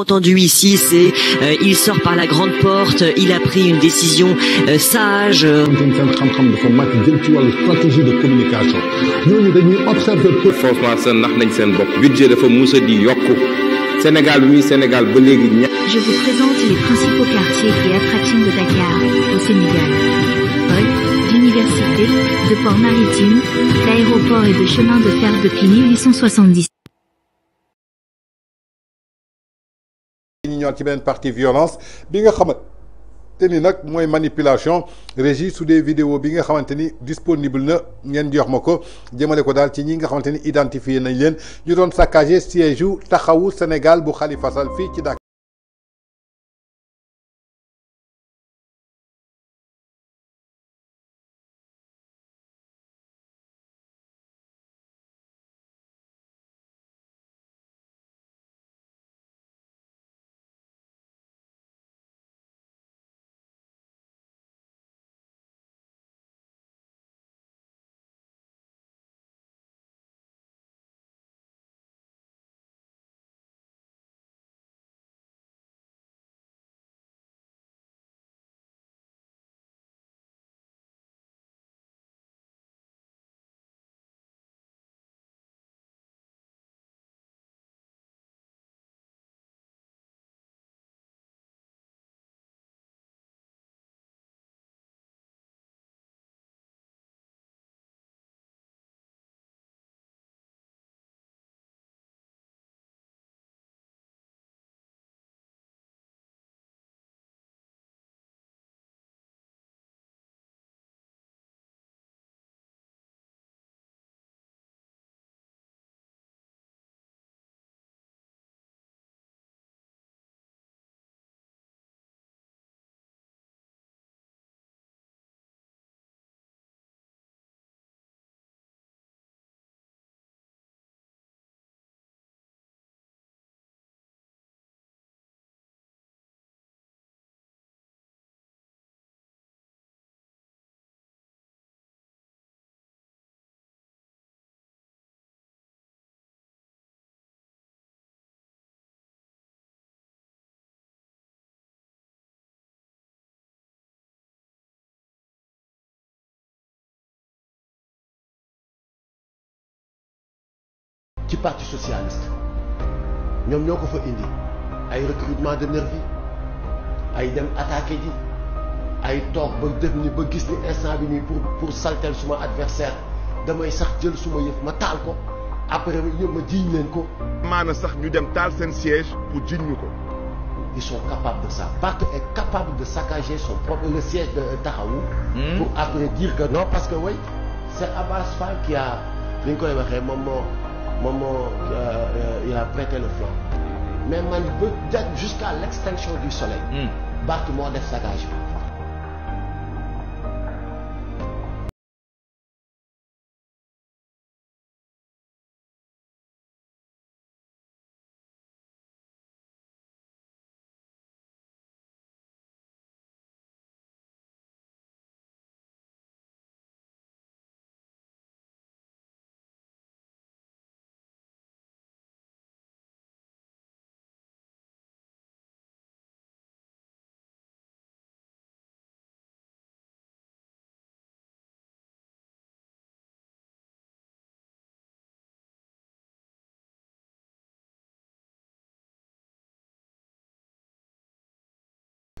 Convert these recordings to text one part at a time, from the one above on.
entendu ici, c'est euh, il sort par la grande porte, il a pris une décision euh, sage. stratégie de communication ñooñu dañuy observer peu. François Sène nañ budget dafa muus a di Sénégal oui Sénégal ba Je vous présente les principaux quartiers et attractions de Dakar au Sénégal. Paul, l'université, de port maritime, l'aéroport et de chemin de fer depuis 1870. ñëwaat ci partie violence bi nga xamanteni nak moy manipulation régie sous des vidéos bi nga xamanteni disponible na ñen jox mako jëmele ko dal ci ñi nga xamanteni identifier identifié nañ leen ñu don saccagé siège ou taxawu Sénégal bu Khalifa Sall fi ci du parti socialiste ñoom ñoo ko fa indi ay recrutement de nervi ay dem attaqué ji ay toog ba def ni ba gis ni instant bi nii pour pour sur suma adversaire damay sax jël suma yëf ma taal ko après ñëpp ma jiiñ leen ko. maana sax ñu dem taal seen siège pour jiiñ ko. ils sont capables de ça Parti est capable de saccager son propre le siège de Taxawu. Hmm? pour après dire que non parce que oui c'est Abbas Fall qui a koy waxee moom Maman, euh, euh, il a prêté le flanc mais man jusqu'à l'extinction du soleil hmm. Barth moi def sagage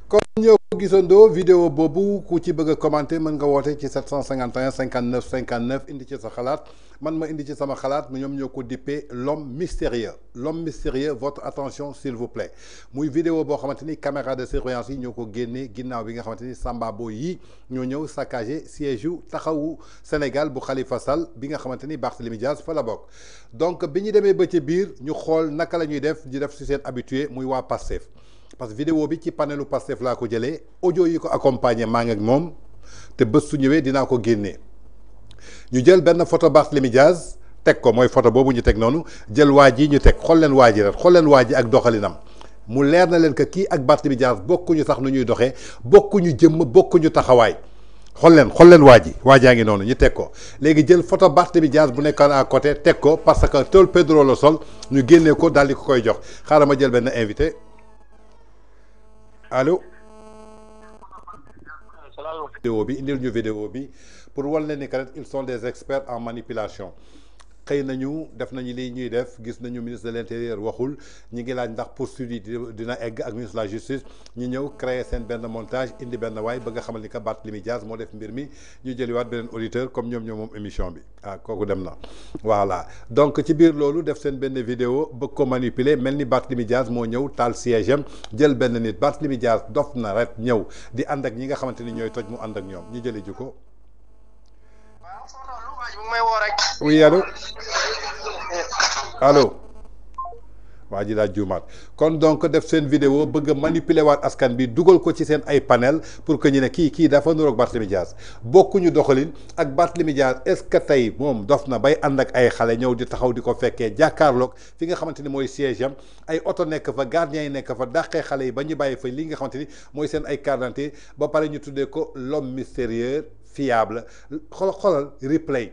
kon ñëw gisandoo vidéo bobu ku ci bëgg commenter mën nga woté ci 751 59 59 indi ci sa xalaat man ma indi ci sama xalaat ñoom ñoo ko dippee l'homme mystérieux l'homme mystérieux votre attention s'il vous plaît muy vidéo bo xamanteni caméra de surveillance yi ñoo ko génnee bi nga xamanteni Samba Boy yi ñoo ñëw saccagé siège yu taxawu Sénégal bu Khalifa Sall bi nga xamanteni ni Barthélémy fa la bok donc biñu démé demee ba ci biir ñu xol naka lañuy def di def ci seen habitué muy wa Pastef parce que vidéo bi ci panelu Pastef la ko jëlee audio yi ko accompagner maa ngi ak moom te bés su ñëwee dina ko génnee ñu jël ben photo Barthélémy Diaz tek ko moy photo bobu ñu tek nonu jël waji ñu tek xol leen waji rat xol xool leen waa ak doxalinam mu leer na leen ke ki ak bi jazz bokku ñu sax nu ñuy doxé bokku ñu jëm bokku ñu taxaway xol leen xol ji waji jaa ngi noonu ñu tek ko légui jël photo bi jazz bu nekkoon à côté tek ko parce que tol Pedro lo sol ñu génnee ko dal di ko koy jox xaaral ma jël ben invité allo vidéo bi indil ñu vidéo bi pour wal ne ni ils sont des experts en manipulation xëy nañu def nañu li ñuy def gis nañu ministre de l' intérieur waxul ñu ngi laaj ndax poursuite yi dina egg ak ministre de la justice ñu ñëw créer seen benn montage indi benn waay ba nga xamal ni que Barthélémy Dias moo def mbir mi ñu jëliwaat beneen auditeur comme ñoom ñoo moom émission bi ah kooku dem na voilà donc ci biir loolu def seen benn vidéo bëgg ko manipuler mel ni Barthélémy Dias moo ñëw taal siège am jël benn nit Barthélémy Dias dof na ret ñëw di ànd ak ñi nga xamante ni ñooy toj mu ànd ak ñoom ñu jëli ji ko may woo rek. oui allo Allô waa ji laa kon donc def sen vidéo bëgg manipuler wat askan bi duggal ko ci sen ay panel pour que ñu ne ki ki dafa nuroog Barthélemy Bokku ñu doxalin ak Barthélemy Dias est-ce que tay mom dof na bay ànd ak ay xalé ñew di taxaw di ko fekkee jàkkaarloog fi nga xamanteni moy mooy siège ay auto nek fa gardien nek fa daxé xalé yi bañu baye fa li nga xamanteni moy sen ay carte ba paré ñu tuddé ko l'homme mystérieux fiable xol xolal replay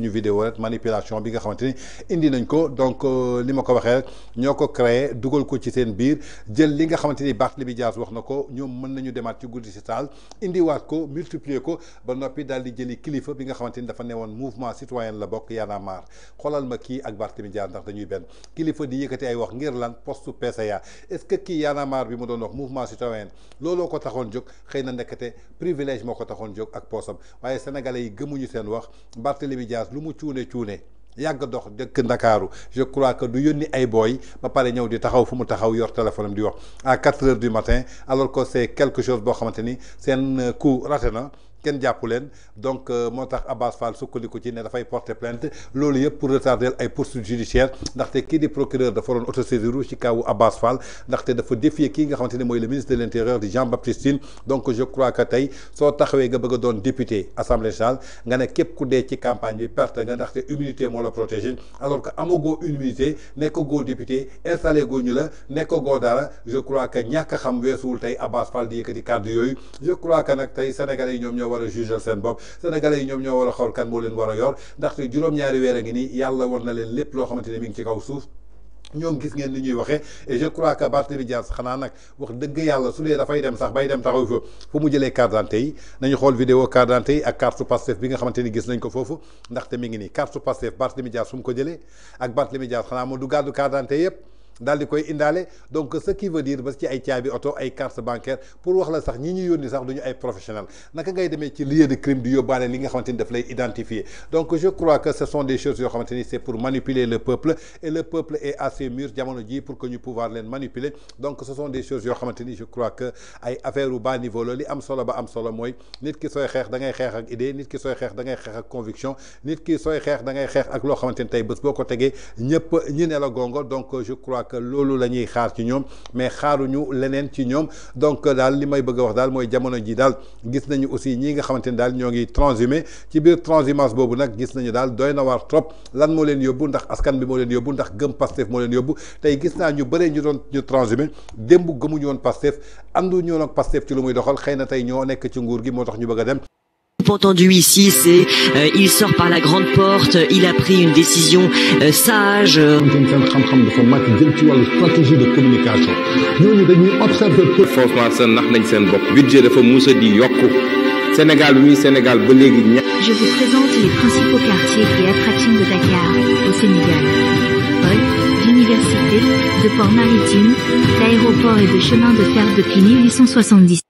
ñu vidéo rek manipulation bi nga xamante ni indi nañ ko donc li euh, ma ko waxee ñoo ko créé dugal ko ci seen biir jël li nga xamante ni Barthélémy Dias wax na ko ñoom mën nañu demaat ci guddi si taal indiwaat ko multiplier ko ba noppi daal di jëli kilifa bi nga xamante ni dafa newoon mouvement citoyen la bokk Y'en a marre xoolal ma kii ak Barthélémy Dias ndax dañuy benn kilifa di yëkkati ay wax ngir lan poste PCA est-ce que kii Y'en a marre bi mu doon wax mouvement citoyen looloo ko taxoon jóg xëy na nekkate privilège moo ko taxoon jóg ak poosam waaye sénégalais yi gëmuñu seen wax Barthélémy Dias Seras lu mu cuune cuune yag dox dëkk Ndakaaru je crois que du yoni ay boy ba pare ñew di taxaw fu mu taxaw yor téléphone di wax à quatre heures du matin alors que c'est quelque chose bo xamanteni sen coup raté na kenn jàppu donc euh, moo tax Abass Fall sukkandiku ci pas dafay porter plainte le lieu pour retarder ay poursuites judiciaires ndaxte qu'il est procureur de doon autosaisir ci kawu Abass Fall na dafa défier kii nga xamante ne mooy le ministre de l'intérieur de Jean Baptiste donc je crois que tey soit taxawee nga bëgg doon député assemblée charles nga ne képp ku qui ci campagne bi perte nga ndaxte immunité moo la protéger. alors que amagoo immunité nekkagoo député installé goo ñu la nekkagoo dara je crois que ñàkk xam weesuwul tey Abass Fall di que kàddu yooyu je crois que nag tey sénégalais yi a war yi ñoom ñoo war a xool kan moo leen war a yor ndaxte juróom-ñaari weer a ngi nii yàlla war na leen lépp loo xamante ne mi ngi ci kaw suuf ñoom gis ngeen ni ñuy waxee et je crois que Barthélémy Dias xanaa nag wax dëgg yàlla su dee dafay dem sax bay dem taxaw fa fu mu jëlee carte d'identité yi nañu xool vidéo carte d'identité yi ak carte Pastef bi nga xamante gis nañ ko foofu ndaxte mi ngi nii carte Pastef Barthélémy Dias fu mu ko dans di koy indalé donc ce qui veut dire parce ci ay caabi auto ay carte bancaire pour wax la sax ñi ñu yoni sax duñu ay professionnel naka ngay démé ci lieu de crime du yóbbaale li nga xamanteni daf identifier donc je crois que ce sont des choses yo xamanteni c'est pour manipuler le peuple et le peuple est assez mûr jamono dit pour que ñu pouvoir les manipuler donc ce sont des choses yo xamanteni je crois que ay affaire au bas niveau le li am solo ba am solo moy nit ki soy xex da ngay xex ak idée nit ki soy xex da ngay xex ak conviction nit ki soy xex da ngay à ak lo xamanteni ni bëss boko boo ñi la gongo donc je crois que loolu la ñuy xaar ci ñoom mais xaaruñu leneen ci ñoom donc euh, daal li may bëgg a wax daal mooy jamono ji daal gis nañu aussi ñii nga xamante ni daal ñoo ngi transhumé ci biir transhumance boobu nag gis nañu daal doy na waar trop lan moo leen yóbbu ndax askan bi moo leen yóbbu ndax gëm Pastef moo leen yóbbu tey gis naa ñu bëree ñu doon ñu transhumé démb gëmuñu woon Pastef andu ñoo nag Pastef ci lu muy doxal xëy na tey ñoo nekk ci nguur gi moo tax ñu bëgg a entendu ici, c'est euh, il sort par la grande porte, il a pris une décision euh, sage. Je vous présente les principaux quartiers et attractions de Dakar au Sénégal. l'université, de port maritime, l'aéroport et de chemin de fer depuis 1870.